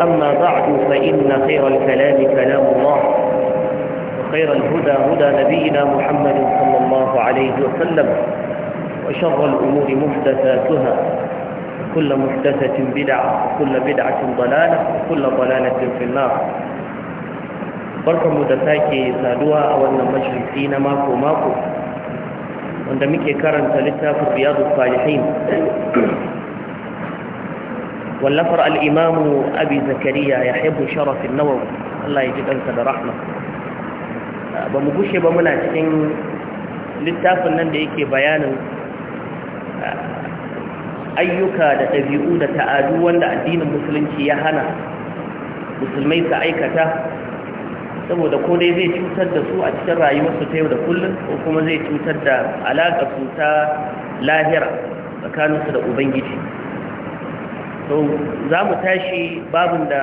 أما بعد فإن خير الكلام كلام الله وخير الهدى هدى نبينا محمد صلى الله عليه وسلم وشر الأمور محدثاتها كل محدثة بدعة وكل بدعة ضلالة وكل ضلالة في النار barkanmu da sake saduwa a wannan majalisi na mako-mako wanda muke karanta littafin riyadu salihin wallafar al'imamu abi zakariya ya haibu sharafin nawawi Allah ya ji ɗansa da rahma ba mu gushe ba muna cikin littafin nan da yake bayanin ayyuka da ɗabi'u da ta'adu wanda addinin musulunci ya hana musulmai su aikata saboda ko dai zai cutar da su a cikin rayuwarsu ta yau da kullum ko kuma zai cutar da alaƙa su ta lahira tsakaninsu da ubangiji to za mu tashi babin da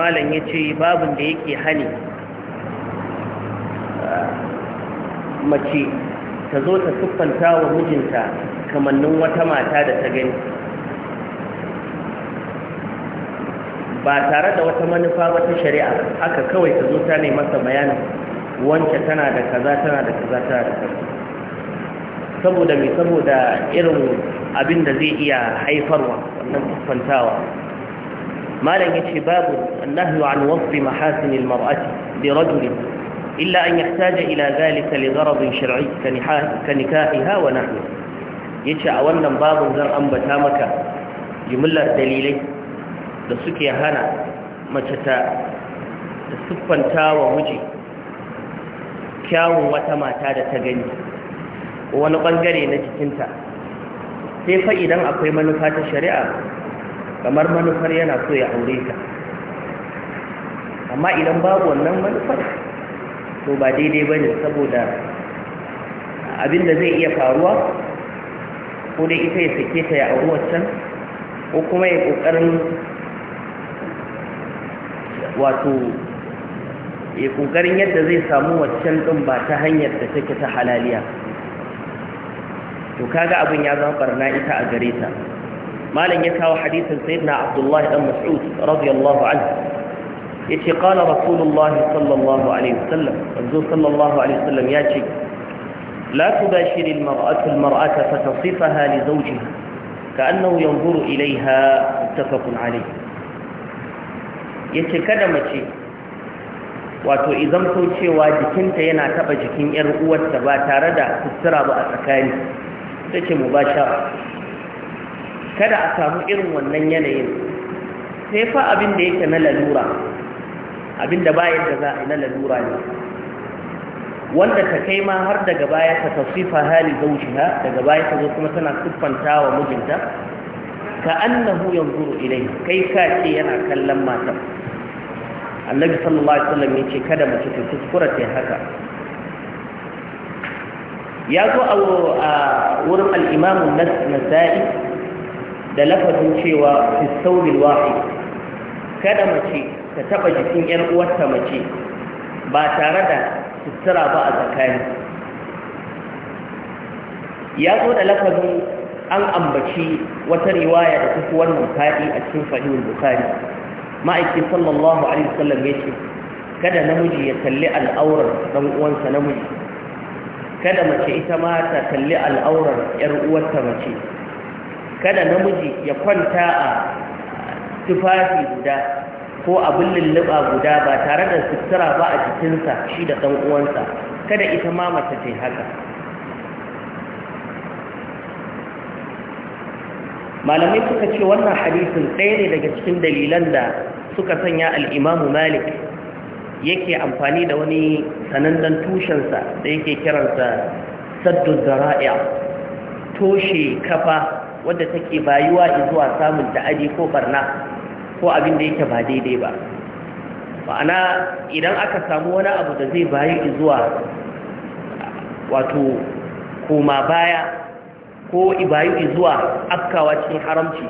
malam ya ce babin da yake hani uh, mace ta zo ta siffanta wa mijinta kamannin wata mata da ta gani ba tare da wata manufa ba shari'a haka kawai ta zo ta ne masa bayanin wance tana da kaza tana da kaza tana da kaza saboda mai saboda irin abin da zai iya haifarwa wannan kufantawa malam yace babu annahyu an wasfi mahasinil almar'ati bi rajul illa an yahtaja ila zalika li gharad shar'i ka nikahiha wa nahwi yace a wannan babu zan ambata maka jumlar dalilai da suke hana mace ta wa miji kyawun wata mata da ta gani wani bangare na jikinta sai fa idan akwai manufa ta shari'a kamar manufar yana so ya aure ta amma idan babu wannan manufar to ba daidai ba ne saboda abin da zai iya faruwa ko dai ita ya sake ta ya auri wancan, ko kuma ya ƙoƙarin wato ya kokarin yadda zai samu wancan ɗin ba ta hanyar da take ta halaliya to kaga abin ya zama barna ita a gare ta malam ya kawo hadisin sayyidina abdullah dan mas'ud radiyallahu anhu yace qala rasulullah sallallahu alaihi wasallam manzo sallallahu alaihi wasallam ya ce la tubashiri almar'atu almar'ata fatasifaha li zawjiha ka'annahu yanzuru ilaiha muttafaqun alayh yace kada mace wato izamto cewa jikinta yana taɓa jikin yar uwarta ba tare da sutura ba a tsakani ta ce mu kada a samu irin wannan yanayin sai fa abin da yake na lalura abin da bayan da za a yi na lalura ne wanda ta kai ma har daga baya ta tasifa hali zaujiha daga baya ta zo kuma tana siffanta wa mijinta ka annahu yanzu, ilai kai ka ce yana kallon matar annabi sallallahu alaihi wasallam yace kada mace ta kuskura ta haka ya zo a wurin al'imamun nasa'i da lafazin cewa fi saurin wahi kada mace ta taba jikin ‘yan uwarta mace ba tare da sutura ba a tsakani ya zo da lafazin an ambaci wata riwaya da tafi wannan faɗi a cikin fahimul bukari ma'aikin sallallahu alaihi wasallam ya ce kada namiji ya kalli al'aurar ɗan uwansa namiji kada mace ita ma ta kalli al'aurar ‘yar uwarta mace kada namiji ya kwanta a tufafi guda ko abin lulluɓa guda ba tare da sutura ba a jikinsa shi da ɗan uwansa kada ita ma mace ce haka malamai suka ce wannan hadisin ɗaya ne daga cikin dalilan da suka sanya al'imamu malik yake amfani da wani sanannen tushensa da yake kiransa saddu zara'a toshe kafa wadda take bayuwa zuwa samun ta'adi ko barna ko abin da yake ba daidai ba ma'ana idan aka samu wani abu da zai bayu zuwa wato koma baya ko ibayu zuwa afkawa cikin haramci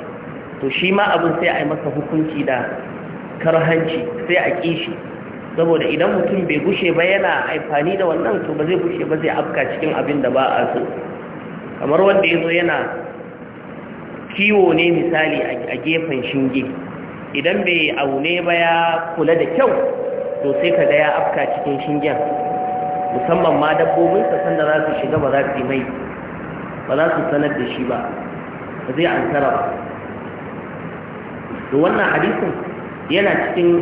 to shi ma abin sai a yi masa hukunci da karhanci sai a kishi saboda idan mutum bai bushe ba yana amfani da wannan to ba zai gushe ba zai afka cikin abin da ba a so kamar wanda ya zo yana kiwo ne misali a gefen shinge idan bai aune ba ya kula da kyau to sai ka ga ya afka cikin shingen musamman ma dabbobin dabbobinsa sanda za su shiga ba za su mai ba za su sanar da shi ba ba zai ansara ba to wannan hadisin yana cikin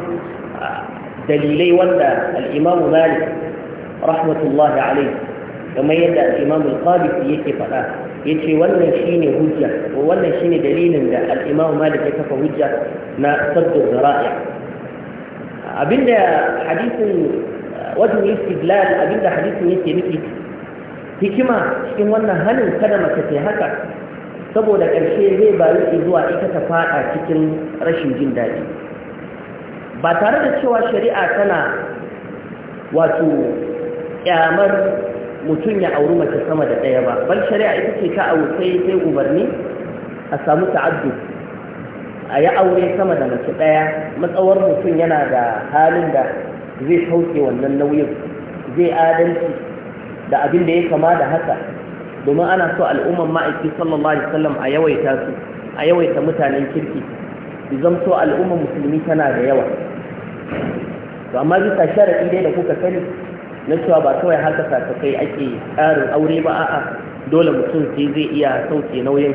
dalilai wanda al-Imam Malik rahmatullahi alayhi kamar yadda al-Imam al-Qabisi yake faɗa ce wannan shine hujja wannan shine dalilin da al Malik ya kafa hujja na saddu zara'i abinda hadisin wajen istidlal abinda hadisin yake nufi hikima cikin wannan halin kada mace ce haka saboda ƙarshe zai bayu zuwa ita ta fada cikin rashin jin daɗi ba tare da cewa shari'a tana wato kyamar mutum ya auri mace sama da ɗaya ba bal shari'a ita ce ta auri sai sai umarni a samu ta'addu a yi aure sama da mace ɗaya matsawar mutum yana da halin da zai sauke wannan nauyin zai adalci da abin da ya kama da haka domin ana so al'umman ma'aiki sallallahu alaihi wasallam a yawaita su a yawaita mutanen kirki zan so al'umman musulmi tana da yawa to amma bisa sharaɗi dai da kuka sani na cewa ba kawai haka sakakai ake ƙarin aure ba a'a dole mutum sai zai iya sauke nauyin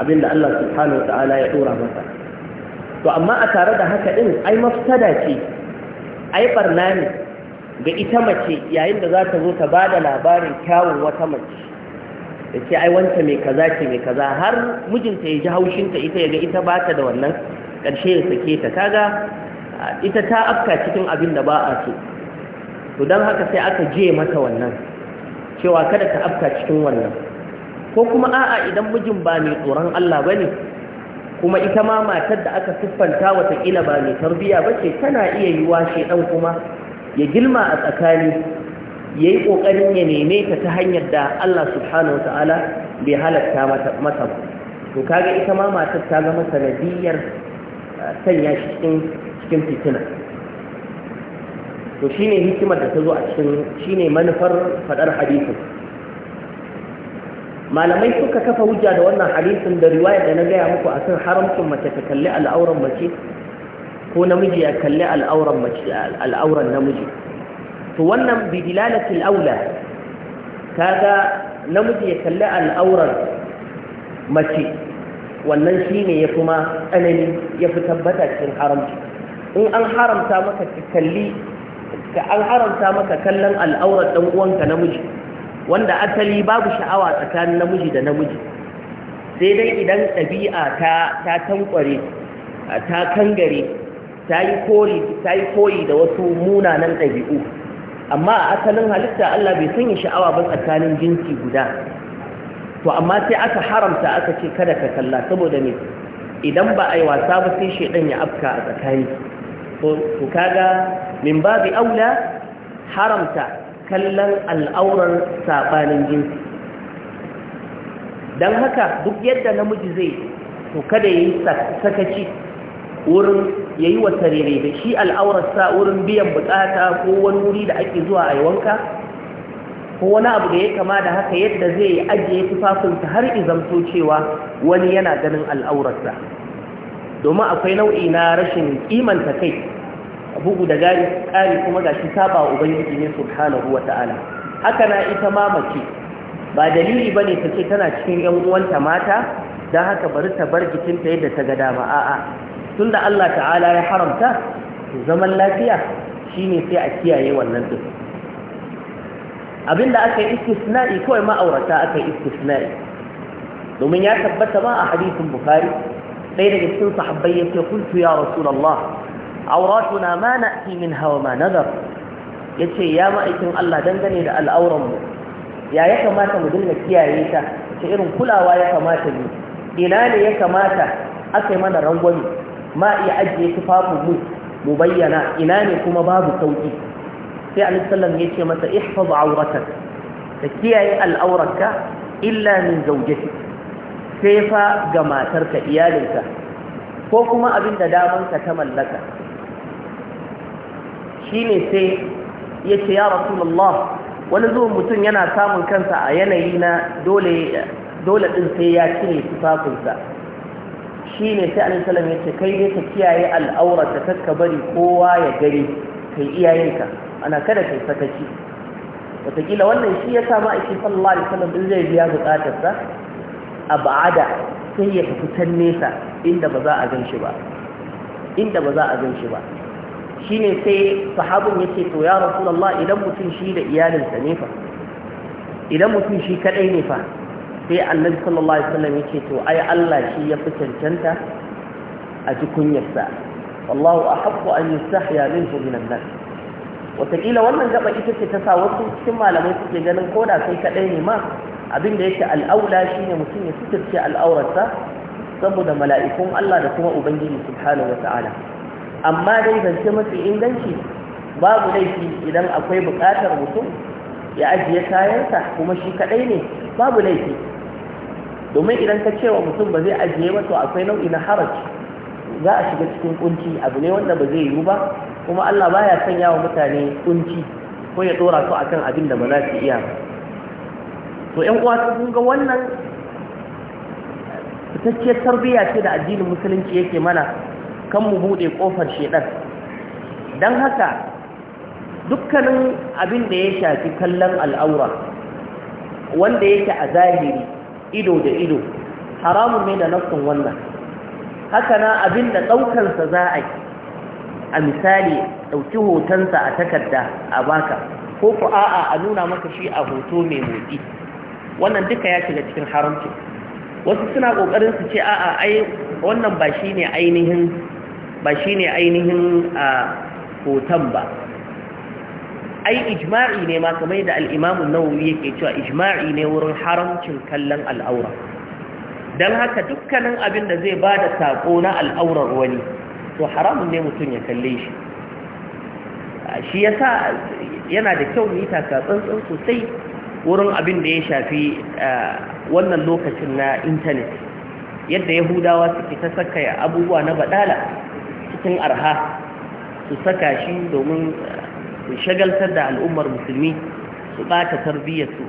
abin da Allah subhanahu Ta'ala ya dora masa to amma a tare da haka din ai mafsada ce ai barna ne ga ita mace yayin da za ta zo ta ba da labarin kyawun wata mace da ce ai wanta mai kaza ce mai kaza har mijinta ya ji haushinta ita ya ga ita ba ta da wannan ƙarshe ya sake ta kaga ita ta afka cikin abin da ba a so to don haka sai aka je mata wannan cewa kada ta afka cikin wannan ko kuma a'a idan mijin ba mai tsoron Allah ba ne kuma ita ma matar da aka siffanta watakila ba mai tarbiya ba ce tana iya yi yiwa ɗan kuma ya gilma a tsakani ya yi ƙoƙarin ya neme ta ta hanyar da Allah subhanahu wa ta'ala bai halatta mata ba to kaga ita ma matar ta zama sanadiyar uh, sanya shi cikin cikin fitina to shine hikimar da ta zo a cikin shine manufar fadar hadisin malamai suka kafa hujja da wannan hadisin da riwaya da na gaya muku akan haramcin mace ta kalli al'auran mace ko namiji ya kalli al'auran mace al'auran namiji to wannan bi aula kaga namiji ya kalli al'auran mace wannan shine ya kuma tsanani ya fi tabbata cikin haramci in an haramta maka ka kalli ka an haramta maka kallon al'aurar ɗan'uwanka uwanka namiji wanda asali babu sha'awa tsakanin namiji da namiji sai dai idan ɗabi'a ta ta tankware ta kangare ta yi kori ta yi koyi da wasu munanan ɗabi'u amma a asalin halitta Allah bai sanya sha'awa ba tsakanin jinsi guda to amma sai aka haramta aka ce kada ka kalla saboda me idan ba a yi wasa ba sai shaidan ya afka a tsakani to kaga min babi aula haramta kallon al'aurar saɓanin jinsi don haka duk yadda namiji zai to kada ya yi sakaci wurin ya yi wata da shi al'aurarsa wurin biyan bukata ko wani wuri da ake zuwa a yawanka? ko wani abu da ya kama da haka yadda zai ajiye tufafinsa har izamto cewa wani yana ganin al'aurarsa domin akwai nau'i na rashin kimanta kai bugu da gari ƙari kuma ga shi saba wa ubangiji ne subhanahu wa ta'ala haka na ita ma mace ba dalili bane ta ce tana cikin yan uwanta mata Don haka bari ta bar jikinta yadda ta ga dama a'a tunda Allah ta'ala ya haramta zaman lafiya shine sai a kiyaye wannan duk. abinda aka yi istisna'i kawai ma'aurata aka yi istisna'i domin ya tabbata ba a hadisin bukhari ɗaya daga cikin sahabbai ya ce kuntu ya rasulullah auratuna ma na'ti minha wa ma nadar yace ya ma'aikin Allah dangane da al'auran mu ya ya kamata mu dinga kiyaye ta ta irin kulawa ya kamata ne ina ne ya kamata aka mana rangwami ma iya ajiye tufafin mu mu bayyana ina ne kuma babu sauki sai alisallam ya ce masa ihfaz auratak ta kiyaye al'aurarka illa min zaujati sai fa ga matarka iyalinka ko kuma abin da damanka ta mallaka ne sai yace ya rasulullah wani zuwan mutum yana samun kansa a yanayi na dole ɗin din sai ya cire tufafinsa ne sai annabi sallallahu yace kai ne ka kiyaye al'aurata kakka bari kowa ya gari kai iyayenka ana kada kai sakaci wataƙila wannan shi ya sa ma'aiki sallallahu alaihi wasallam in zai biya bukatarsa a ba'ada sai ya tafi can nesa inda ba za a gan shi ba inda ba za a gan shi ba shine sai sahabin ya ce to ya rasulullah idan mutum shi da iyalinsa ne fa idan mutum shi kadai ne fa sai annabi sallallahu alaihi wasallam ya ce to ai Allah shi ya fi cancanta a ji kunyarsa wallahu ahabbu an yustahya minhu min an-nas wataƙila wannan gaba ita ce ta sa wasu cikin malamai suke ganin koda sai kadai ne ma abin da yake al'aula shine mutum ya suturce al'aurarsa saboda mala'ikun Allah da kuma ubangiji subhanahu wa wata'ala amma dai zance mafi inganci babu laifi idan akwai buƙatar mutum ya ajiye kayansa kuma shi kaɗai ne babu laifi domin idan ka cewa mutum ba zai ajiye ba to akwai nau'i na haraj, za a shiga cikin kunci abu ne wanda ba zai yiwu ba kuma Allah baya sanya wa mutane kunci ko ya dora su akan abin da ba za su iya to ƴan uwa kun ga wannan fitacciyar tarbiyya ce da addinin musulunci yake mana kan mu buɗe kofar shedan don haka dukkanin abin da ya shafi kallon al'aura wanda yake a zahiri ido da ido haramun ne da nassun wannan haka na abin da ɗaukansa za a yi a misali ɗauki hotonsa a takarda a baka ko ku a'a a nuna maka shi a hoto mai motsi wannan duka ya shiga cikin haramcin wasu suna ƙoƙarin su ce a'a ai wannan ba shi ne ainihin ba shine ainihin hoton ba ai ijma'i ne ma kamar da al nau'i yake cewa ijma'i ne wurin haramcin kallon al'aura dan haka dukkanin abin da zai ba da saƙo na al'aurar wani to haramun ne mutum ya kalle shi shi yasa yana da kyau mita ka tsantsan sosai wurin abin da ya shafi wannan lokacin na intanet, yadda yahudawa suke ta saka abubuwa na badala cikin arha su saka shi domin su shagaltar da al'ummar musulmi su ɓata tarbiyyarsu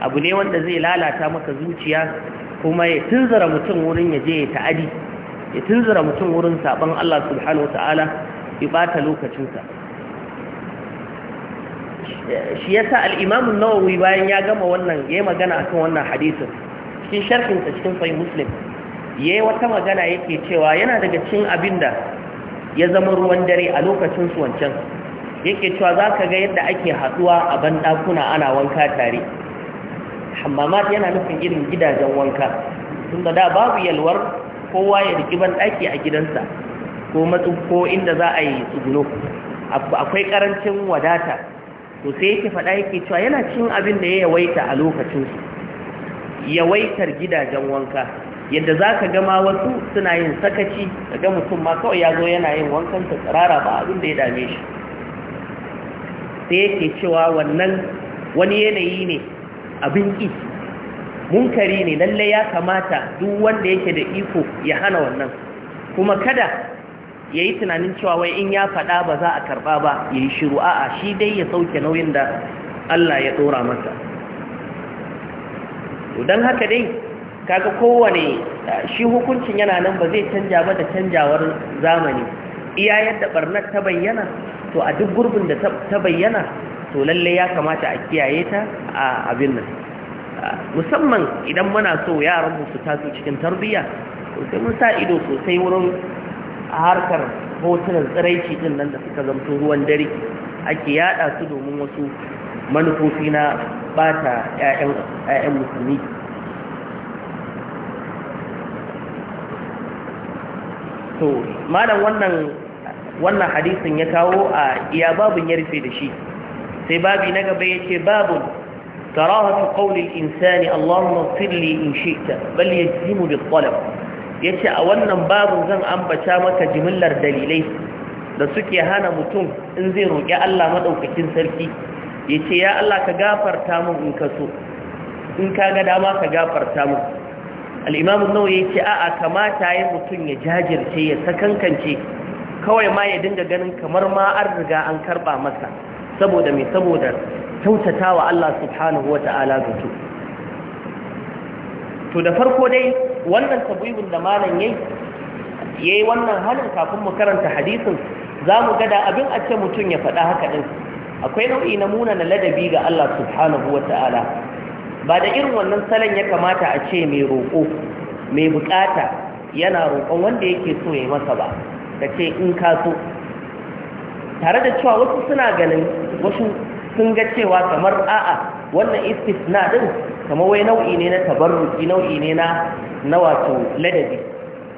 abu ne wanda zai lalata maka zuciya kuma ya tunzara mutum wurin ya je ya ta'adi ya tunzara mutum wurin sabon Allah subhanahu wa ta'ala ya ɓata lokacinsa shi ya sa al'imamun nawawi bayan ya gama wannan ya yi magana a kan wannan hadisun cikin sharfinsa cikin sai muslim ya yi wata magana yake cewa yana daga cikin abin da ya zama ruwan dare a lokacinsu su wancan yake cewa za ka ga yadda ake haɗuwa a banɗakuna ana wanka tare hammamat yana nufin irin gidajen wanka sun da babu yalwar kowa ya riki banɗaki a gidansa ko matsu ko inda za a yi tsugulo akwai karancin wadata to sai yake faɗa yake cewa yana cin abin da ya yawaita a lokacinsu yawaitar gidajen wanka yadda za ka gama wasu suna yin sakaci ga mutum ma kawai ya zo yana yin wankan ta tsirara ba abin da ya dame shi sai yake cewa wannan wani yanayi ne abin ƙi munkari ne lalle ya kamata duk wanda yake da iko ya hana wannan kuma kada ya yi tunanin cewa wai in ya faɗa ba za a karɓa ba ya yi shiru a'a shi dai ya sauke nauyin da Allah ya ɗora masa don haka dai kaga kowane shi hukuncin yana nan ba zai canja ba da canjawar zamani iya yadda barnar ta bayyana to a duk gurbin da ta bayyana to lalle ya kamata a kiyaye ta a abin nan musamman idan muna so yaran mu su taso cikin tarbiyya sai mun sa ido sosai wurin harkar hotunan tsiraici din nan da suka zamto ruwan dare ake yada su domin wasu manufofi na bata 'ya'yan musulmi to malam wannan wannan hadisin ya kawo a iya babun ya rufe da shi sai babi na gaba yace babun karahatu qawli insani Allahumma ighfir li in shi'ta bal yajzimu bil talab yace a wannan babun zan ambata maka jimillar dalilai da suke hana mutum in zai roƙi Allah madaukakin sarki yace ya Allah ka gafarta min in ka so in ka ga dama ka gafarta mun. al'imamu nawa ya ce a'a kamata ya mutum ya jajirce ya sakankance kawai ma ya dinga ganin kamar ma an riga an karɓa masa saboda mai saboda kyautata wa Allah subhanahu wa ta'ala zato to da farko dai wannan tabibin da malam ya yayi wannan halin kafin mu karanta hadisin zamu ga da abin a ce mutum ya faɗa haka ɗin akwai nau'i na muna na ladabi ga Allah subhanahu Ta'ala. ba da irin wannan salon ya kamata a ce mai roƙo mai bukata yana roƙon wanda yake so ya masa ba da ce in ka so tare da cewa wasu suna ganin wasu sun ga cewa kamar a'a wannan na din kamar wai nau'i ne na tabarruki nau'i ne na wato ladabi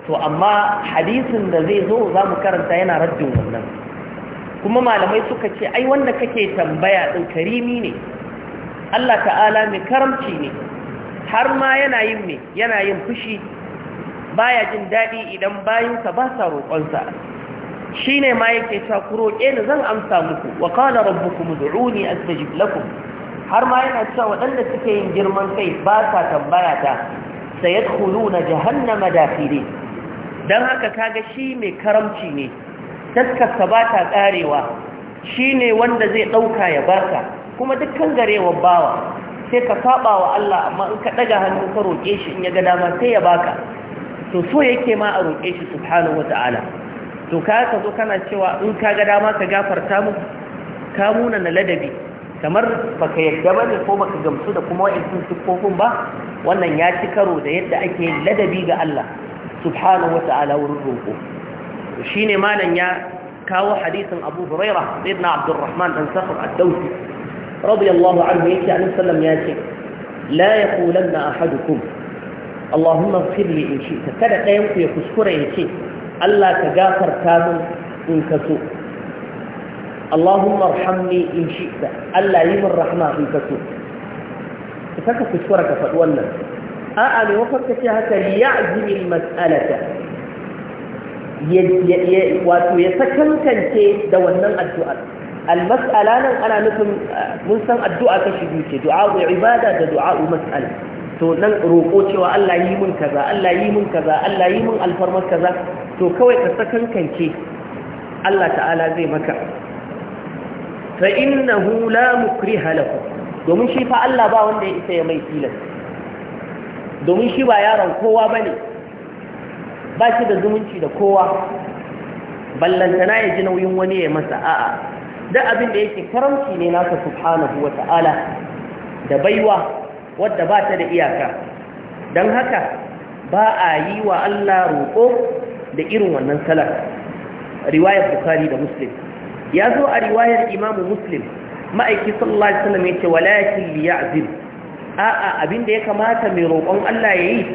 to amma hadisin da zai zo za mu karanta yana raddin wannan kuma malamai suka ce ai wanda kake tambaya ɗin karimi ne Allah ta'ala mai karamci ne har ma yana yin me yana yin fushi baya jin daɗi idan bayinsa ba sa roƙonsa shi ne ma yake cewa ku roƙe ni zan amsa muku wa qala mu ud'uni astajib lakum har ma yana cewa waɗanda suke yin girman kai ba sa tambaya ta sayadkhuluna jahannama dakhili dan haka kaga shi mai karamci ne taskarsa ba ta karewa shine wanda zai dauka ya barka kuma dukkan garewa bawa sai ka saba wa Allah amma in ka daga hannu ka roƙe shi in ya ga dama sai ya baka to so yake ma a roƙe shi subhanahu wata'ala to ka ka zo kana cewa in ka ga dama ka gafarta mu ka muna na ladabi kamar baka yarda bane ko baka gamsu da kuma wa'in siffofin ba wannan ya ci karo da yadda ake ladabi ga Allah subhanahu wata'ala wurin roƙo shine malam ya kawo hadisin Abu Hurairah ibn Abdurrahman dan Sakhr ad-Dawsi radiyallahu anhu yake annabi sallam ya ce la yaqulanna ahadukum Allahumma ighfir li in shi'ta kada ɗayan ku ya kuskura ya ce Allah ka gafarta min in ka so Allahumma arhamni in shi'ta Allah yi min rahma in ka so ka saka kuskura ka faɗi wannan a'a ne wakar ka ce haka ya'zimi mas'alata wato ya sakankance da wannan addu'ar al-mas'ala nan ana nufin eh, mun san addu'a kashi biyu ce du'a ibada da du'a mas'ala to nan roƙo cewa Allah yi mun kaza Allah yi mun kaza Allah yi mun alfarmar kaza to kawai ka sakan kanke Allah ta'ala zai maka fa innahu la mukriha lahu domin shi fa Allah ba wanda ya isa ya mai tilas domin shi ba yaron kowa bane ba shi da zumunci da kowa ballantana ya ji nauyin wani ya masa a'a da abin da yake karamci ne nasa subhanahu wa ta'ala da baiwa wadda ba ta da iyaka don haka ba a yi wa Allah roƙo da irin wannan salar riwayar bukari da muslim ya zo a riwayar imamu muslim ma'aiki sallallahu alaihi wasallam yace walakin a a'a abin da ya kamata mai roƙon Allah yayi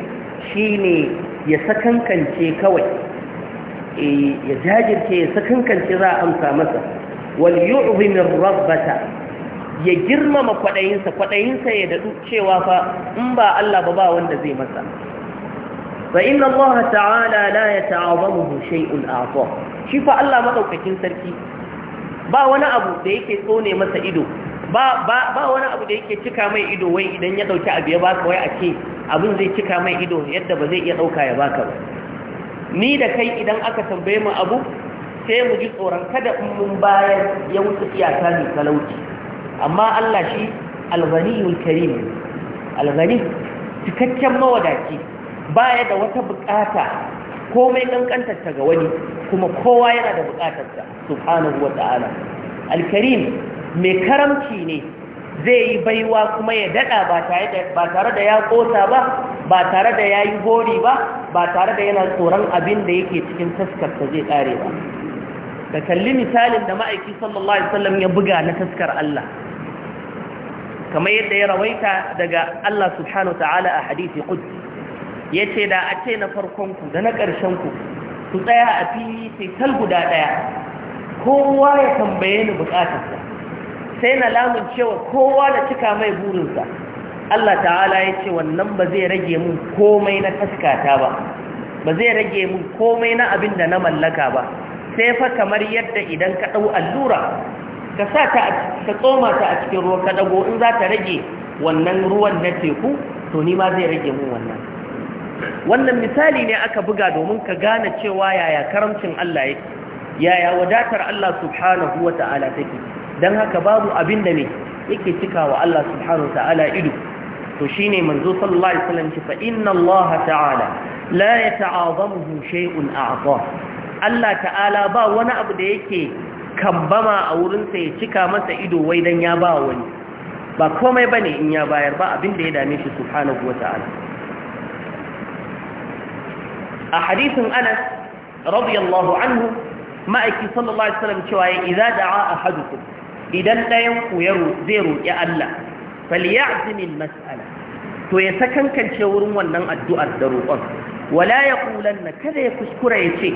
shine ya sakankance kawai eh, ya jajirce ya sakankance za a amsa masa wal yu'zim rabbata ya girmama kwaɗayinsa kwaɗayinsa ya dadu cewa fa in ba Allah ba ba wanda zai masa fa inna Allah ta'ala la yata'azamu shay'un a'ta shi fa Allah madaukakin sarki ba wani abu da yake tsone masa ido ba ba ba wani abu da yake cika mai ido wai idan ya dauki abu ya baka wai ake ce abin zai cika mai ido yadda ba zai iya dauka ya baka ba ni da kai idan aka tambaye mu abu sai mu ji tsoron kada in mun bayar ya wuce iyaka mai talauci amma Allah shi alghaniyul karim alghani cikakken mawadaci baya da wata bukata komai ƙanƙantar ta ga wani kuma kowa yana da bukatar ta subhanahu al alkarim mai karamci ne zai yi baiwa kuma ya dada ba tare da ya kosa ba ba tare da ya yi gori ba ba tare da yana tsoron abin da yake cikin taskarta zai kare ba ka kalli misalin da ma'aiki sallallahu alaihi wasallam ya buga na taskar Allah kamar yadda ya rawaita daga Allah subhanahu ta'ala a hadisi qudsi yace da a ce na farkon ku da na karshen ku ku tsaya a fili sai tal guda daya kowa ya tambaye ni bukatarsa sai na lamun cewa kowa da cika mai burin burinsa Allah ta'ala yace wannan ba zai rage mun komai na taskata ba ba zai rage mun komai na abin da na mallaka ba sai fa kamar yadda idan ka ɗau allura ka sa ta tsoma ta a cikin ruwa ka ɗago in za ta rage wannan ruwan na teku to ni ma zai rage mun wannan wannan misali ne aka buga domin ka gane cewa yaya karamcin Allah yake yaya wadatar Allah subhanahu wata'ala take don haka babu abin da ne yake cikawa Allah subhanahu wata'ala ido to shine manzo sallallahu alaihi wasallam ce fa inna Allah ta'ala la yata'azamuhu shay'un a'zamu Allah ta'ala ba wani abu da yake kambama a wurinsa ya cika masa ido wai dan ya ba wani ba komai bane in ya bayar ba abin da ya dame shi subhanahu wata'ala a hadisin Anas radiyallahu anhu ma'aiki sallallahu alaihi wasallam cewa ya idza da'a ahadukum idan dayan ku ya zai roƙi Allah falyazim al-mas'ala to ya sakankance wurin wannan addu'ar da roƙon wala yaqulanna kada ya kuskura ya ce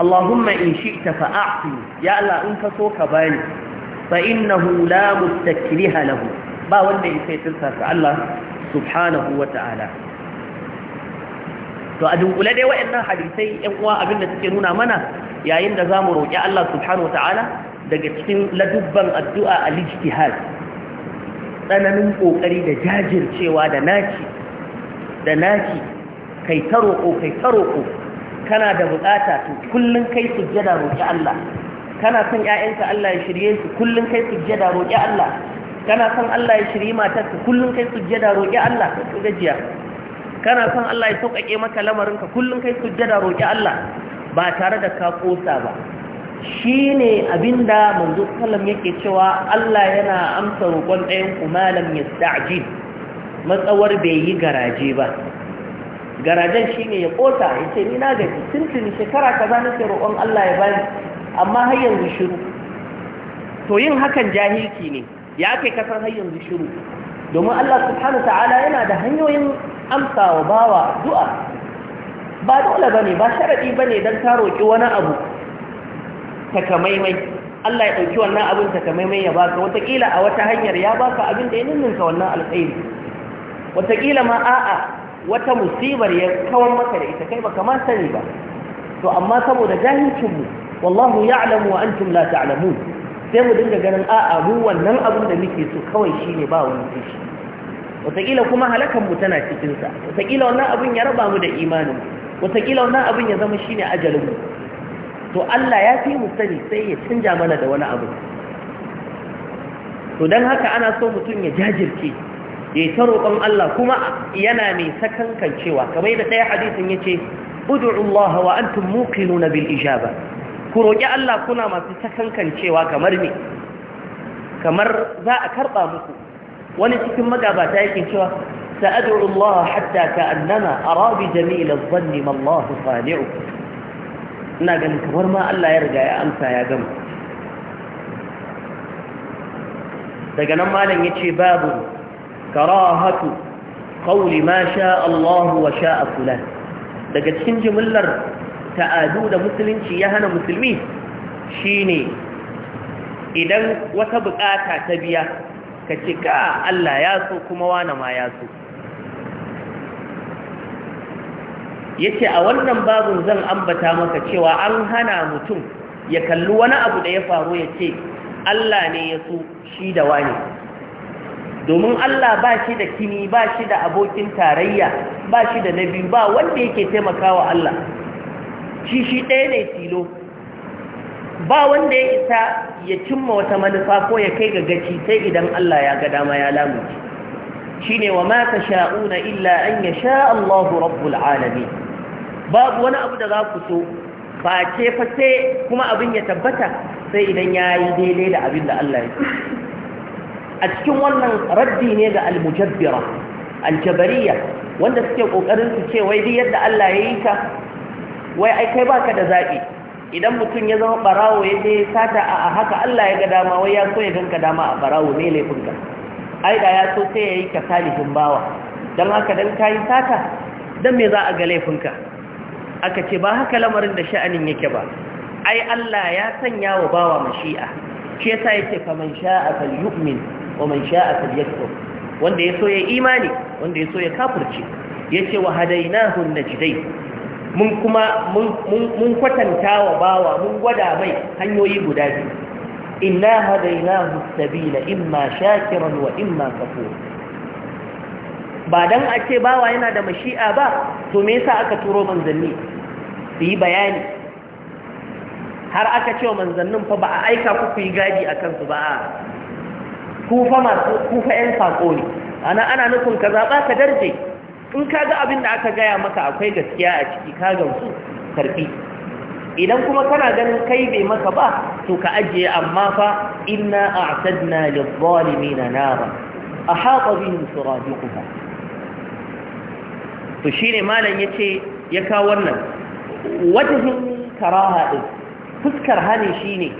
Allahumma in shi'ta fa'a'ti ya Allah in ka so ka bani fa innahu la mustakriha lahu ba wanda yake tsarsa ka Allah subhanahu wa to a dunkule dai waɗannan hadisai ƴan uwa abin da suke nuna mana yayin da zamu roƙi Allah subhanahu wa ta'ala daga cikin ladubban addu'a al-ijtihad tsananin kokari da jajircewa da naci da naci kai ta roƙo kai ta roƙo kana da bukata to kullun kai sujjada roƙi Allah kana son ƴaƴanka Allah ya shirye su kullun kai sujjada roƙi Allah kana son Allah ya shirye matarka kullun kai sujjada roƙi Allah ka gajiya kana son Allah ya sauƙaƙe maka lamarinka kullun kai sujjada roƙi Allah ba tare da ka kosa ba shine abinda manzo sallam yake cewa Allah yana amsa roƙon ɗayan ku malam yasta'jil matsawar bai yi garaje ba garajen shine ya kota ya ce ni na gaji tuntuni shekara kaza nake roƙon Allah ya bani amma har yanzu shiru to yin hakan jahilci ne ya kai kasar har yanzu shiru domin Allah subhanahu ta'ala yana da hanyoyin amsa wa bawa du'a ba dole ne ba ba ne dan ta roƙi wani abu takamaimai Allah ya ɗauki wannan abin takamaimai ya baka wataƙila a wata hanyar ya baka abin da ya ninninka wannan alkhairi wataƙila ma a'a wata musibar ya kawan maka da ita kai ba kamar sani ba to amma saboda jahilcinmu wallahu ya'lamu wa antum la ta'lamun sai mu dinga ganin a'a mu wannan abin da muke so kawai shine ba wani shi wataƙila kuma halakan mu tana cikin sa wataƙila wannan abin ya raba mu da imanin wataƙila wannan abin ya zama shine ajalin mu to Allah ya fi mu sani sai ya canja mana da wani abu to dan haka ana so mutum ya jajirce ya ta roƙon Allah kuma yana mai sakankan cewa kamar da ɗaya hadisin ya ce udu'ullaha wa antum muqinuna bil ijaba ku roƙi Allah kuna masu sakankan cewa kamar me kamar za a karɓa muku wani cikin magabata yake cewa sa'ad'u hatta ka'annama arabi bi jamil adh-dhanni ma ina ganin kamar ma Allah ya riga ya amsa ya gama daga nan malam yace babu karahatu qawli ma sha Allah wa sha daga cikin jimillar ta'adu da musulunci ya hana musulmi shine idan wata bukata ta biya ka ce ka Allah ya so kuma wani ma ya so yace a wannan babun zan ambata maka cewa an hana mutum ya kalli wani abu da ya faru ya ce Allah ne ya so shi da wani domin Allah ba shi da kini ba shi da abokin tarayya ba shi da nabi, ba wanda yake taimakawa Allah shi shi ɗaya ne tilo ba wanda ya isa ya cimma wata manufa ko ya kai ga gaci sai idan Allah ya ga dama ya lamuci shi ne wa maka sha'una illa an ya sha Allahu rabbul alami babu wani abu da za ku so ba ce fa sai kuma abin ya tabbata sai idan ya yi daidai da abin da Allah ya a cikin wannan raddi ne ga almujabbira aljabariya wanda suke kokarin su ce wai duk yadda Allah ya yi ka wai ai kai baka da zabi idan mutum ya zama barawo ya je sata a haka Allah ya ga dama wai ya so ya ganka dama a barawo ne laifin ka ai da ya so sai ya yi ka salihin bawa dan haka dan kai sata dan me za a ga laifin ka aka ce ba haka lamarin da sha'anin yake ba ai Allah ya sanya wa bawa mashi'a shi yasa yake kaman sha'a yu'min wa man sha'a falyakfur wanda yaso ya imani wanda yaso ya kafirce yace wa hadainahu najdai mun kuma mun kwatanta wa bawa mun gwada mai hanyoyi guda biyu inna hadainahu sabila imma shakiran wa imma kafur ba dan a ce bawa yana da mashi'a ba to me yasa aka turo manzanni su yi bayani har aka ce manzannin fa ba a aika ku ku yi gadi a kansu ba kufa masu kufa yan sako ne ana ana nufin ka zaɓa ka darje in ka ga abin da aka gaya maka akwai gaskiya a ciki ka gamsu karfi idan kuma kana ganin kai bai maka ba to ka ajiye amma fa inna a'tadna lidh-dhalimina nara ahata bihim suradiquha to shine malam yace ya kawo wannan wajhin karaha din fuskar hali shine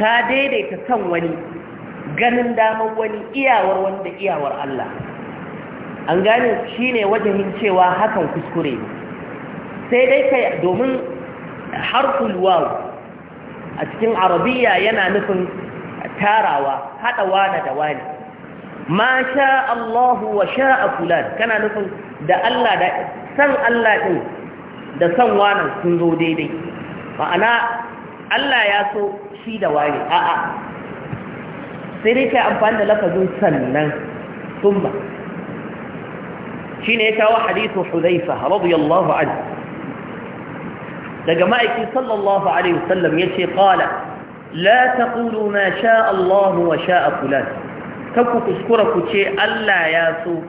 ka daidaita san wani ganin damar wani iyawar wanda iyawar Allah an gane shi ne cewa hakan kuskure sai dai kai domin harkul waw a cikin arabiya yana nufin tarawa haɗa wane da wani. ma sha Allahu wa sha'a fulan kana nufin da Allah da san Allah din da san wani sun zo daidai ma'ana Allah ya so shi da wani. a'a sai dai kai amfani da lafazin sannan thumma shine ya kawo hadithu hudhaifa radiyallahu anhu daga ma'aikin sallallahu alaihi wasallam yace qala la taqulu ma sha'a Allah wa sha'a fulan kakku kuskura ku ce Allah ya so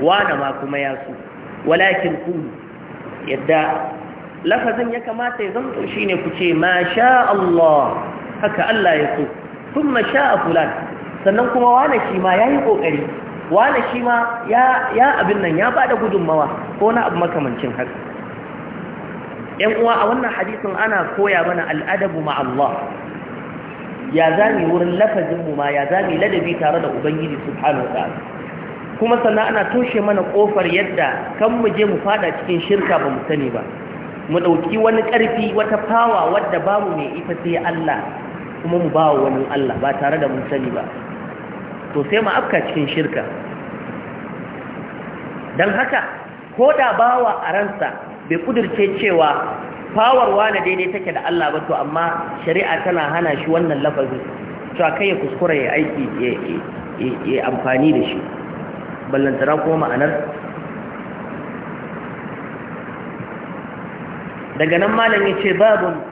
wani ma kuma ya so walakin qulu yadda lafazin ya kamata ya zanto shine ku ce ma sha'a Allah haka Allah ya so sun masha a fulan sannan kuma wane shi ma ya yi ƙoƙari wane shi ma ya abin nan ya ba da gudunmawa ko na abu makamancin haka ‘yan uwa a wannan hadisin ana koya mana al'adabu ma'allah ya zami wurin lafazinmu ma ya zami ladabi tare da ubangiji subhanahu wa ta'ala kuma sannan ana toshe mana kofar yadda kan mu je mu fada cikin shirka ba mu sani ba mu ɗauki wani ƙarfi wata fawa wadda babu mai ita sai Allah kuma mu ba wani Allah ba tare da mun sani ba to sai mu afka cikin shirka dan haka ko da bawa a ransa bai kudirce cewa fawarwa na daidai take da Allah ba to amma shari'a tana hana shi wannan lafazin cewa kai ya kuskura ya aiki ya amfani da shi ballantana kuma ma'anar daga nan malam ya ce babu.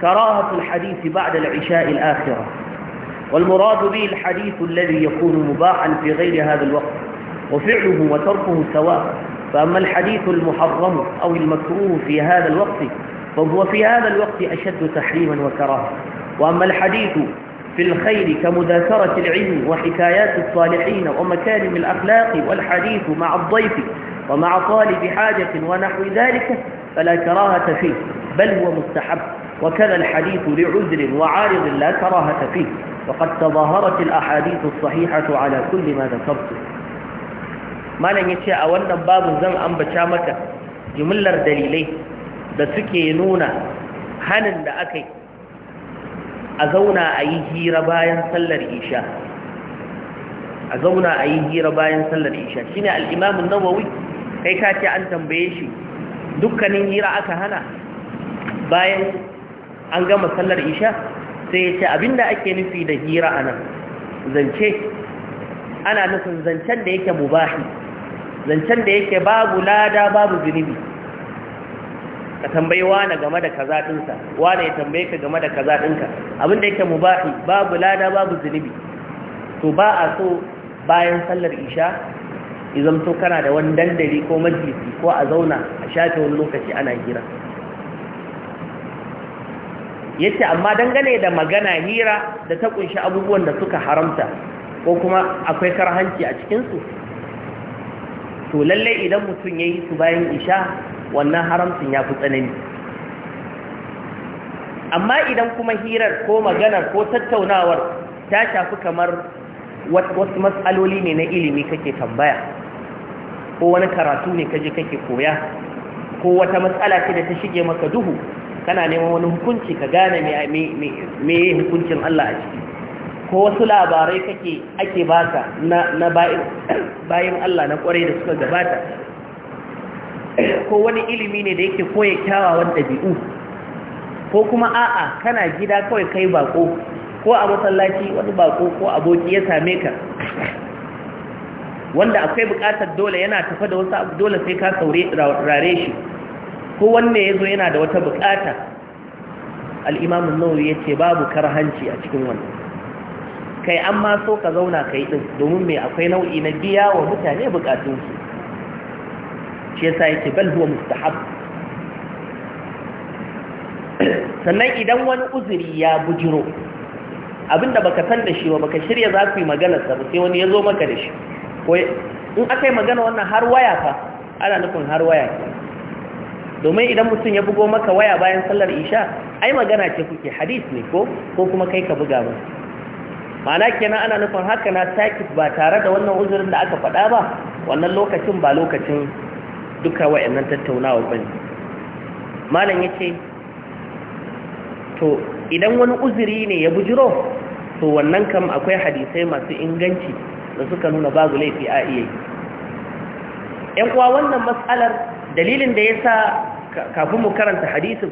كراهة الحديث بعد العشاء الآخرة والمراد به الحديث الذي يكون مباحا في غير هذا الوقت وفعله وتركه سواء فأما الحديث المحرم أو المكروه في هذا الوقت فهو في هذا الوقت أشد تحريما وكراهة وأما الحديث في الخير كمذاكرة العلم وحكايات الصالحين ومكارم الأخلاق والحديث مع الضيف ومع طالب حاجة ونحو ذلك فلا كراهة فيه بل هو مستحب وكان الحديث لعذر وعارض لا كراهة فيه وقد تظاهرت الأحاديث الصحيحة على كل ما ذكرته ما لن يتشاء أولا باب زن أم بشامك دليلي da suke nuna hannun da aka yi a zauna a yi hira bayan sallar isha a zauna a yi hira bayan sallar isha shi ne al'imamun nawawi kai ka ce an tambaye shi dukkanin hira aka hana bayan an gama sallar isha sai ya ce abinda ake nufi da hira a nan zance ana nufin zancen da yake mubahi zancen da yake babu lada babu zunubi ka tambayi wane game da kazaɗinsa, wane ya tambaye ka game da kazaɗinka ɗinka abinda yake mubahi babu lada babu zunubi to ba a so bayan sallar isha izamto kana da wani dandali ko majalisi ko a zauna a shafe wani lokaci ana hira yace amma dangane da magana hira da ta kunshi abubuwan da suka haramta ko kuma akwai karhanci a cikin su to lallai idan mutum yayi su bayan isha wannan haramcin ya fi tsanani amma idan kuma hirar ko maganar ko tattaunawar ta shafi kamar wasu matsaloli ne na ilimi kake tambaya ko wani karatu ne kaje kake koya ko wata matsala ce da ta shige maka duhu kana neman wani hukunci ka gane me hukuncin Allah a ciki ko wasu labarai kake ake baka na bayan Allah na kwarai da suka gabata ko wani ilimi ne da yake koya kyawawan ɗabi'u ko kuma a'a kana gida kawai kai bako ko a masallaci wani bako ko aboki ya same ka wanda akwai bukatar dole yana tafa da wasu dole sai ka saurare shi ko wanne ya zo yana da wata bukata al'imamun nauyi ya ce babu karhanci a cikin wani. kai an ma so ka zauna kai ɗin domin mai akwai nau'i na biya wa mutane bukatunsu shi sa ya ce bal huwa mustahab sannan idan wani uzuri ya bujiro abinda baka san da shi ba baka shirya za su yi maganarsa ba sai wani ya zo maka da shi in aka yi magana wannan har waya fa ana nufin har waya ke domin idan mutum ya bugo maka waya bayan sallar isha ai magana ce kuke hadis ne ko ko kuma kai ka buga ba mana kenan ana nufin haka na sakit ba tare da wannan uzurin da aka faɗa ba wannan lokacin ba lokacin duka wa'annan tattaunawa ne. malam yace to idan wani uzuri ne ya bujiro to wannan kam akwai hadisai masu inganci da suka nuna babu laifi a iya yi ‘yan uwa wannan matsalar dalilin da ya sa kafin mu karanta hadisin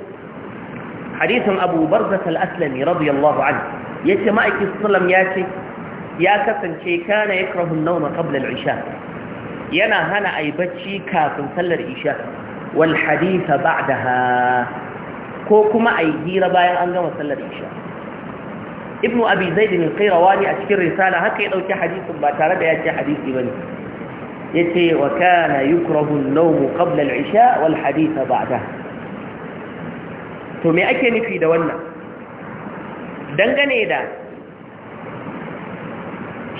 hadisin Abu Barzah al-Aslami radiyallahu ya yace ma'aikin sallam ya kasance kana yakrahu an-nawm qabla isha yana hana ayi bacci kafin sallar isha wal hadith ba'daha ko kuma ai hira bayan an gama sallar isha ibnu abi zaid al-qayrawani a cikin risala haka ya ɗauki hadisin ba tare da ya ce hadisi bane yace wa kana yukrahu an-nawm qabla al-isha wal haditha ba'da to me ake nufi da wannan dangane da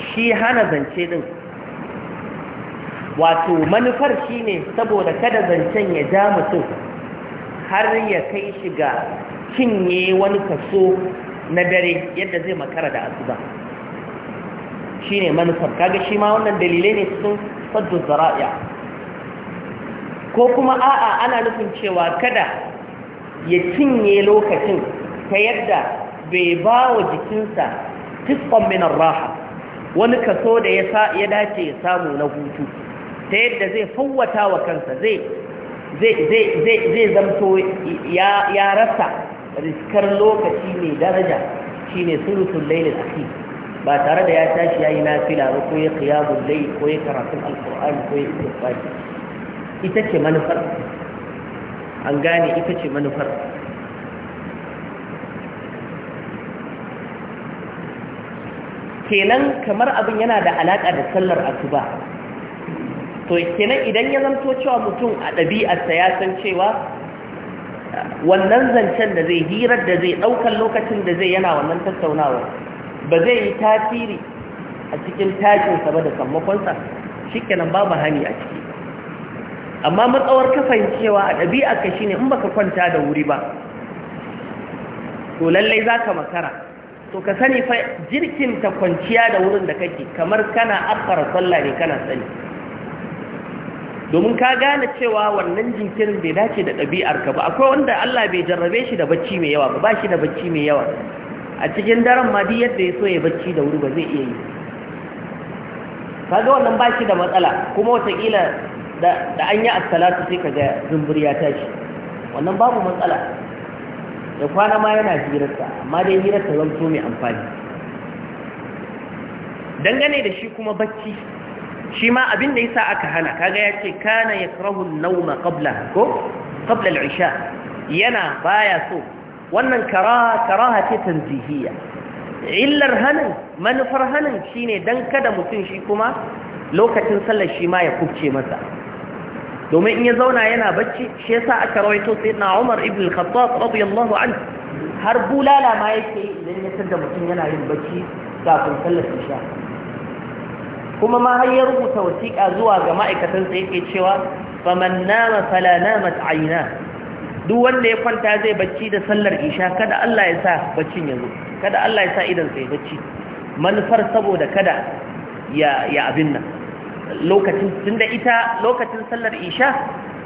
shi hana zance din wato manufar shine saboda kada zancen ya ja mutum har ya kai shi ga cinye wani kaso na dare yadda zai makara da asuba Shi ne manufar kaga shi ma wannan dalilai ne sun saddu zara'iya ko kuma a'a ana nufin cewa kada ya cinye lokacin ta yadda bai ba wa jikinsa tisban minar raha wani kaso da ya dace ya samu na hutu ta yadda zai fawwata wa kansa zai zamto ya rasa riskar lokaci mai daraja Shi shine sulutun lailin akhir ba tare da ya tashi ya yayi nafila ba ko ya qiyamul layl ko ya karatun alqur'ani ko ya istighfar ita ce manufar an gane ita ce manufar kenan kamar abin yana da alaƙa da sallar asuba to kenan idan ya zanto cewa mutum a ɗabi'arsa ya san cewa wannan zancen da zai hirar da zai ɗaukar lokacin da zai yana wannan tattaunawa ba zai yi tasiri a cikin tashinsa ba da sammakonsa shi kenan babu hani a ciki amma matsawar kafin cewa a shi ne, in ba ka kwanta da wuri ba to lallai za ka makara to ka sani fa jirkin ta kwanciya da wurin da kake kamar kana akara sallah ne kana sani domin ka gane cewa wannan jinkirin bai dace da ɗabi'arka ba akwai wanda Allah bai jarrabe shi da bacci mai yawa ba ba shi da bacci mai yawa a cikin daren ma duk yadda ya so ya bacci da wuri ba zai iya yi kaga wannan ba shi da matsala kuma watakila da an yi assalatu sai kaga zumbur ya tashi wannan babu matsala da kwana ma yana hirarsa amma dai hirarsa zan so mai amfani dangane da shi kuma bacci shi ma abin da yasa aka hana kaga ya ce kana yakrahu an-nawma qabla ko qabla al-isha yana baya so wannan karaha karaha ce tanzihiyya illar hanin manufar hanin shine dan kada mutum shi kuma lokacin sallar shi ma ya kubce masa domin in ya zauna yana bacci shi yasa aka rawaito sayyidina Umar ibn al-Khattab radiyallahu anhu har bulala ma yake idan ya tada mutum yana yin bacci kafin sallar isha kuma ma har ya rubuta wasiƙa zuwa ga ma'aikatan sa yake cewa faman nama fala namat ayna duk wanda ya kwanta zai bacci da sallar isha kada Allah ya sa baccin ya zo kada Allah ya sa idan sai bacci manufar saboda kada ya ya abin nan lokacin tunda ita lokacin sallar isha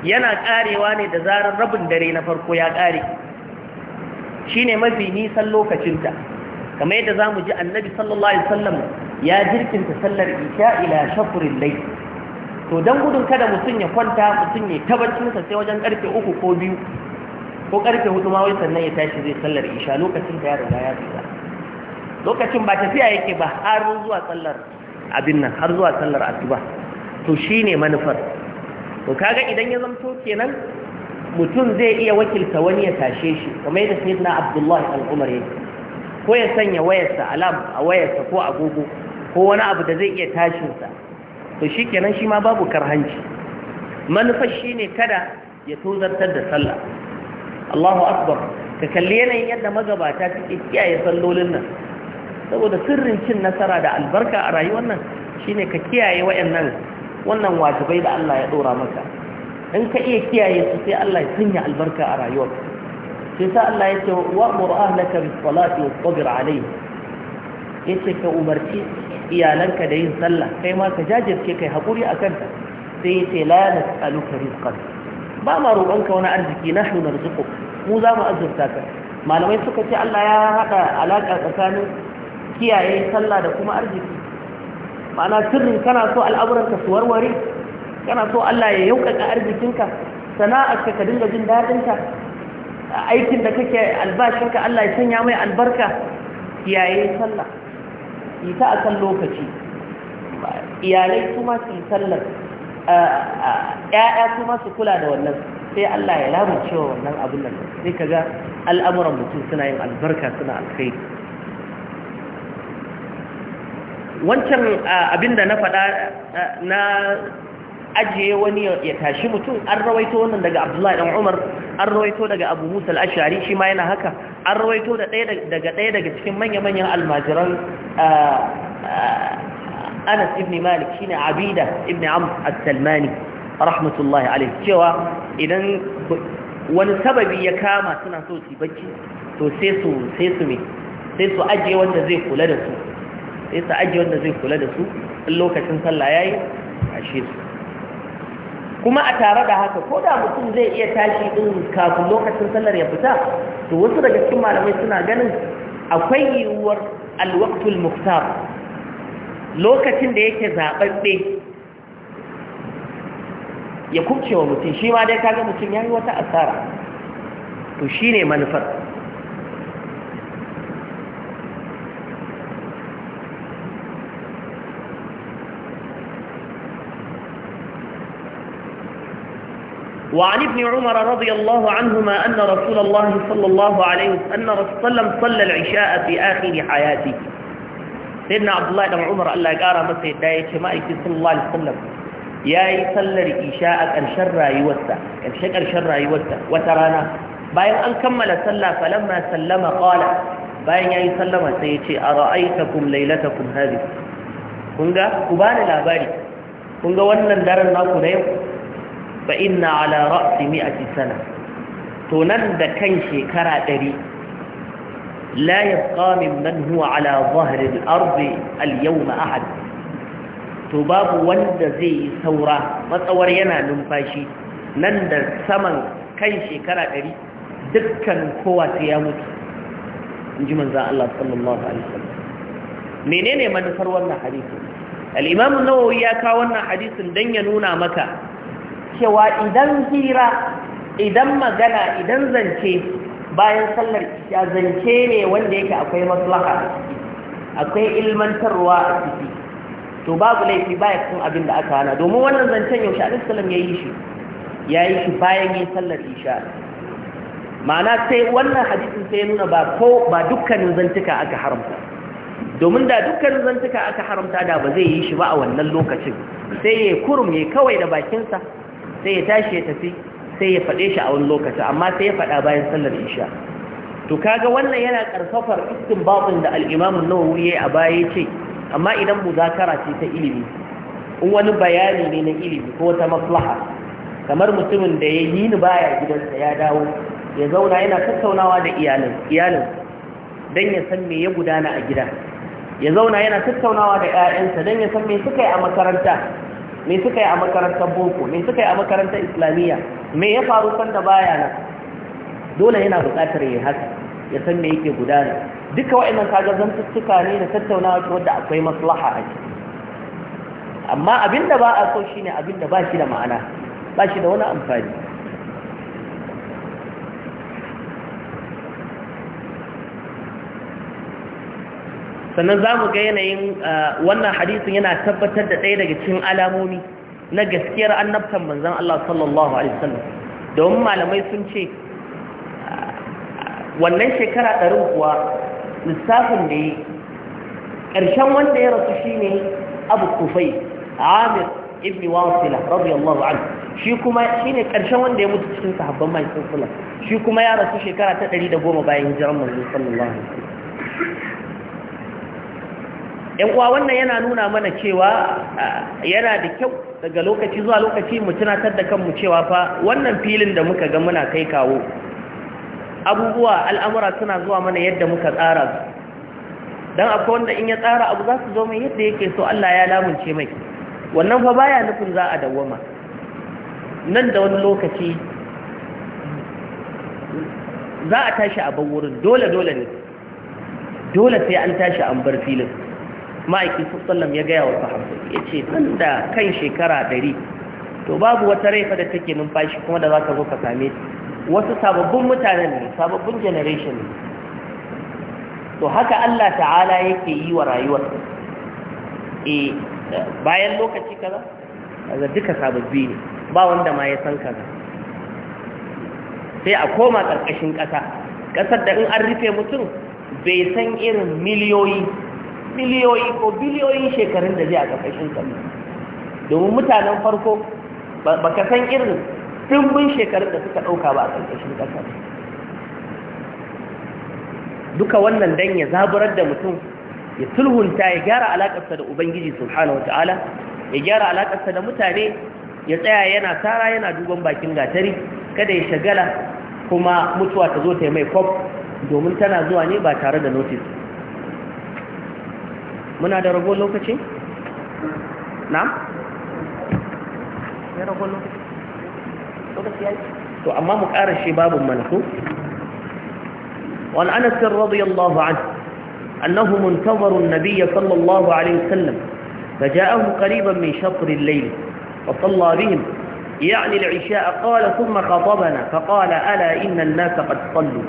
yana karewa ne da zarar rabin dare na farko ya kare shine mafi nisan lokacinta kamar yadda zamu ji annabi sallallahu alaihi wasallam ya jirkinta sallar isha ila shafrul layl to don gudun kada mutum ya kwanta mutum ya tabbacinsa sai wajen karfe uku ko biyu ko karfe hudu ma wai sannan ya tashi zai sallar isha lokacin da ya riga ya tsira lokacin ba tafiya yake ba har zuwa sallar abin nan har zuwa sallar asuba to shine manufar to kaga idan ya zamto kenan mutum zai iya wakilta wani ya tashe shi kamar yadda sayyidina Abdullahi al'umar umar yake ko ya sanya wayarsa alam a wayarsa ko agogo ko wani abu da zai iya tashinsa to shi kenan shi ma babu karhanci manufar shi ne kada ya tozartar da sallah Allahu akbar ka kalli yanayin yadda magabata suke kiyaye sallolin nan saboda sirrin cin nasara da albarka a rayuwar nan shine ka kiyaye wayannan wannan wajibai da Allah ya dora maka in ka iya kiyaye su sai Allah ya sanya albarka a rayuwar. sai sa Allah ya ce wa'mur ahlaka bis salati wasbir alayhi yace ka umarci iyalanka da yin sallah kai ma ka jajirce kai hakuri akan ta sai yace la nas'aluka rizqan ba ma roƙonka wani arziki na shunar narzuqu mu za mu azurta ka malamai suka ce Allah ya haɗa alaƙa tsakanin kiyaye sallah da kuma arziki ma'ana sirrin kana so al'amuranka su warware kana so Allah ya yaukaka arzikinka sana'arka ka dinga jin daɗinka aikin da kake albashinka Allah ya sanya mai albarka kiyaye sallah yi ta akan lokaci iyalai kuma su yi sallar ƴaƴa kuma su kula da wannan sai Allah ya lamunce wa wannan abin nan sai kaga al'amuran mutum suna yin albarka suna alkhairi wancan abin da na faɗa na ajiye wani ya tashi mutum an rawaito wannan daga Abdullahi dan Umar an rawaito daga Abu Musa al-Ash'ari shi ma yana haka an rawaito da ɗaya daga ɗaya daga cikin manya-manyan almajiran anas ibn malik shine abida ibn amr as-salmani rahmatullahi alaihi cewa idan wani sababi ya kama suna so su bacci to sai su sai su me sai su aje wanda zai kula da su sai su aje wanda zai kula da su in lokacin sallah yayi ashe su kuma a tare da haka ko da mutum zai iya tashi din kafin lokacin sallar ya fita to wasu daga cikin malamai suna ganin akwai yiwuwar alwaqtul muftar lokacin da yake zababbe ya kuce wa mutum shi ma dai kaga mutum yayi wata asara to shine ne manufar وعن ابن عمر رضي الله عنهما أن رسول الله صلى الله عليه وسلم صلى العشاء في آخر حياته sai na abdullahi dan umar allah ya ƙara masa yadda ya ce ma'aikin sallallahu alaihi wasallam ya yi sallar isha a ƙarshen rayuwarsa ƙarshe ƙarshen rayuwarsa wata rana bayan an kammala sallah falamma sallama qala bayan ya yi sallama sai ya ce a ra'aitakum lailatakum hadhihi kun Kun ga ku bani labari kun ga wannan daren naku na yau fa inna ala ra'si mi'ati sana to nan da kan shekara ɗari. لا يبقى ممن هو على ظهر الأرض اليوم أحد تباب وند زي ثورة مطور ينا ننفاشي نند سمن كي شكرا قري دكا قوة يموت نجم ذا الله صلى الله عليه وسلم منين من ثرونا حديث الإمام النووي يا كاونا حديث دن ينونا مكة cewa idan hira idan magana idan zance bayan sallar isha zance ne wanda yake akwai maslaha a ciki akwai ilmantarwa a ciki to babu laifi baya cikin abin da aka hana domin wannan zancen yaushe alaihi salam ya yi shi ya yi shi bayan yin sallar isha ma'ana sai wannan hadisin sai ya nuna ba ko ba dukkanin zantuka aka haramta domin da dukkanin zantuka aka haramta da ba zai yi shi ba a wannan lokacin sai ya kurum ya kawai da bakinsa sai ya tashi ya tafi sai ya faɗe shi a wani lokaci amma sai ya faɗa bayan sallar isha to kaga wannan yana karfafar istinbatin da al-Imam an-Nawawi ya a baya yace amma idan muzakara ce ta ilimi in wani bayani ne na ilimi ko ta maslaha kamar mutumin da ya yi ni baya gidansa ya dawo ya zauna yana tattaunawa da iyalin iyalin dan ya san me ya gudana a gida ya zauna yana tattaunawa da ƴaƴansa dan ya san me suka yi a makaranta me suka yi a makarantar boko me suka yi a makarantar islamiyya me ya faru sanda baya na? dole yana buƙatar ya haka ya san me yake gudana duka wa'annan kaga zantuttuka ne da tattaunawa ta wadda akwai maslaha a ciki amma abinda ba a so shine abinda ba shi da ma'ana ba shi da wani amfani sannan za mu ga yanayin ah, wannan hadisin yana tabbatar da ɗaya daga cikin alamomi na gaskiyar annabtan manzan Allah sallallahu Alaihi wasallam domin malamai sun ce ah, wannan shekara ɗarin kuwa lissafin da yi ƙarshen wanda ya rasu shi ne abu kufai amir ibn wasila radiyallahu anhu shi kuma shi ne ƙarshen wanda ya mutu cikin sahabban mai sun shi kuma ya rasu shekara ta ɗari da goma bayan hijiran manzan sallallahu Alaihi wasallam yan uwa wannan yana nuna mana cewa yana da kyau daga lokaci zuwa lokaci mu tunatar da kanmu cewa fa wannan filin da muka ga muna kai kawo abubuwa al'amura suna zuwa mana yadda muka tsara don akwai wanda in ya tsara abu za su zo mai yadda yake so Allah ya lamunce mai wannan fa baya nufin za a dawwama nan da wani lokaci za a tashi a ban dole dole ne dole sai an tashi an bar filin ma'aikin sallam ya gaya wa sahabu ya ce nan da kan shekara ɗari to babu wata rai fa da take numfashi kuma da za ka zo ka same wasu sababbin mutane ne sababbin generation ne to haka Allah ta'ala yake yi wa rayuwar e bayan lokaci kaza kaza duka sababbi ne ba wanda ma ya san kaza sai a koma ƙarƙashin ƙasa ƙasar da in an rufe mutum bai san irin miliyoyi biliyoyi ko biliyoyin shekarun da zai a ƙarƙashin kanu domin mutanen farko ba ka san irin dimbin shekarun da suka ɗauka ba a ƙarƙashin ƙasa duka wannan dan ya zaburar da mutum ya tulhunta ya gyara alaƙarsa da ubangiji subhanahu wata'ala ya gyara alaƙarsa da mutane ya tsaya yana tara yana duban bakin gatari kada ya shagala kuma mutuwa ta zo ta yi mai kwaf domin tana zuwa ne ba tare da notis. muna da rago lokaci? na? نعم rago lokaci? lokaci ya yi to amma mu ƙara shi babin manaku والأنس رضي الله عنه أنه منتظر النبي صلى الله عليه وسلم فجاءه قريبا من شطر الليل فصلى بهم يعني العشاء قال ثم خطبنا فقال ألا إن الناس قد صلوا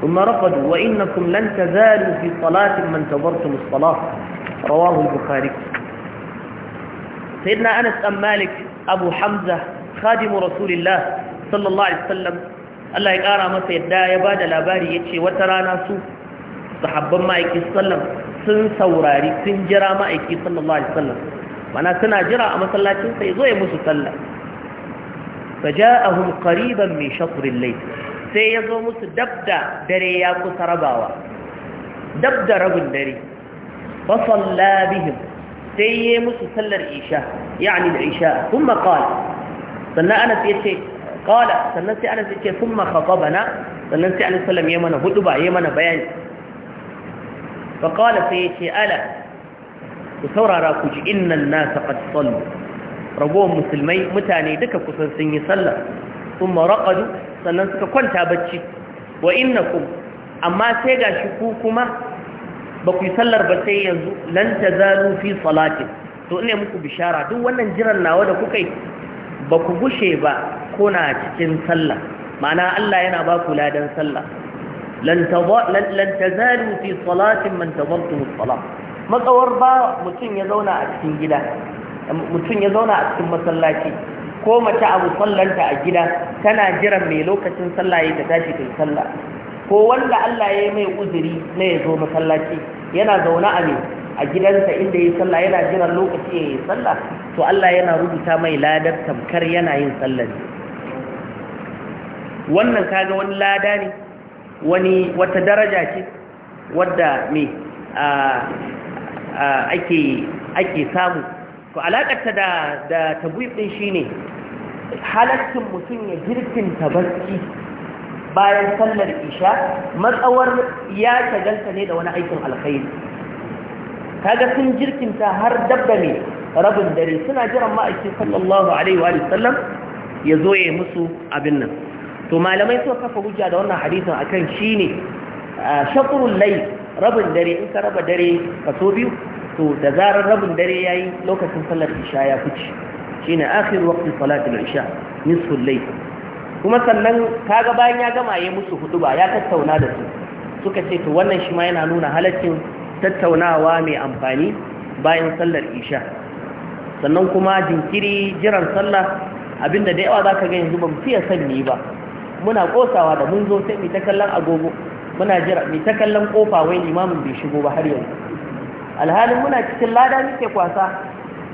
ثم رقدوا وإنكم لن تزالوا في صلاة ما انتظرتم الصلاة rawahu al-bukhari sayyidina anas dan malik abu hamza khadimu rasulillah sallallahu alaihi wasallam Allah ya kara masa yadda ya bada labari yace wata rana su sahabban ma'aiki sallam sun saurari sun jira ma'aiki sallallahu alaihi wasallam mana suna jira a masallacin sai zo ya musu sallah faja'ahum qariban min shatril layl sai ya zo musu dabda dare ya kusa rabawa dabda rabin dare فصلى بهم سي مسلسل العشاء يعني العشاء ثم قال سنة أنس يتي قال سنة أنس يتي ثم خطبنا سنة أنس عليه وسلم يمنا هدبا يمنا بيان فقال سيتي ألا تصور راكج إن الناس قد صلوا ربوهم مسلمي متاني دكا كسر سنة صلى ثم رقدوا سنة كنت بتشي وإنكم أما سيغا شكوكما ba ku yi sallar ba sai yanzu Lanta tazalu fi salatin to ina muku bishara duk wannan jiran nawa da kuka yi ba ku gushe ba kuna cikin sallah ma'ana Allah yana ba ku ladan sallah Lanta tazalu fi salatin man tazartum as matsawar ba mutum ya zauna a cikin gida mutum ya zauna a cikin masallaci ko mace abu sallanta a gida tana jiran mai lokacin sallah ya tashi kai sallah ko wanda Allah ya yi mai uzuri na ya zo masallaci yana zaune a ne a gidansa inda ya sallah yana jiran lokaci ya yi sallah to Allah yana rubuta mai ladar tamkar yana yin sallar. wannan kaga wani lada ne wani wata daraja ce wadda me ake ake samu to alakarta da da tabwib shine halaccin mutum ya girkin tabbaci bayan sallar isha matsawar ya shagalta ne da wani aikin alkhairi kaga sun jirkinta har dabba ne rabin dare suna jiran ma'aikin sallallahu alaihi wa sallam ya zo ya musu abin nan to malamai suka kafa hujja da wannan hadisin akan shine shatrul layl rabin dare in ka raba dare kaso biyu to da zarar rabin dare yayi lokacin sallar isha ya fice shine akhir waqti salatul isha layl kuma sannan kaga bayan ya gama ya musu hudu ba ya tattauna da su suka ce to wannan shi ma yana nuna halaccin tattaunawa mai amfani bayan sallar isha sannan kuma jinkiri jiran sallah abinda da yawa zaka ga yanzu mu fiye sanni ba muna kosawa da mun zo sai mu ta kallon agogo muna jira mu ta kallon kofa wai limamin bai shigo ba har yanzu alhalin muna cikin lada muke kwasa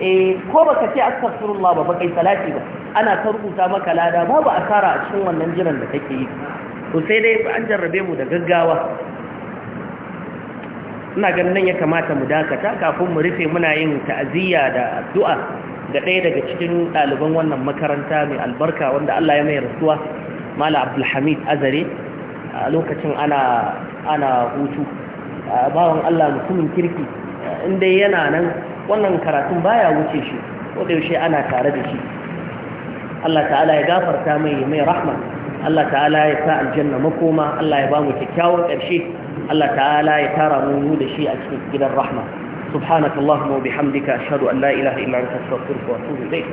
eh ko baka ce astaghfirullah ba baka salati ba ana ta maka lada babu asara a cikin wannan jiran da kake yi to sai dai an jarrabe mu da gaggawa ina ganin nan ya kamata mu dakata kafin mu rufe muna yin ta'aziyya da addu'a ga ɗaya daga cikin ɗaliban wannan makaranta mai albarka wanda Allah ya mai rasuwa Mala Abdulhamid Azare a lokacin ana ana hutu bawan Allah mutumin kirki inda yana nan wannan karatun baya wuce shi ko da yaushe ana tare da shi Allah ta'ala ya gafarta mai mai rahma Allah ta'ala ya sa aljanna makoma Allah ya ba mu kyakkyawan karshe Allah ta'ala ya tara mu da shi a cikin gidan rahma subhanaka allahumma wa bihamdika ashhadu an la ilaha illa anta astaghfiruka wa atubu ilayk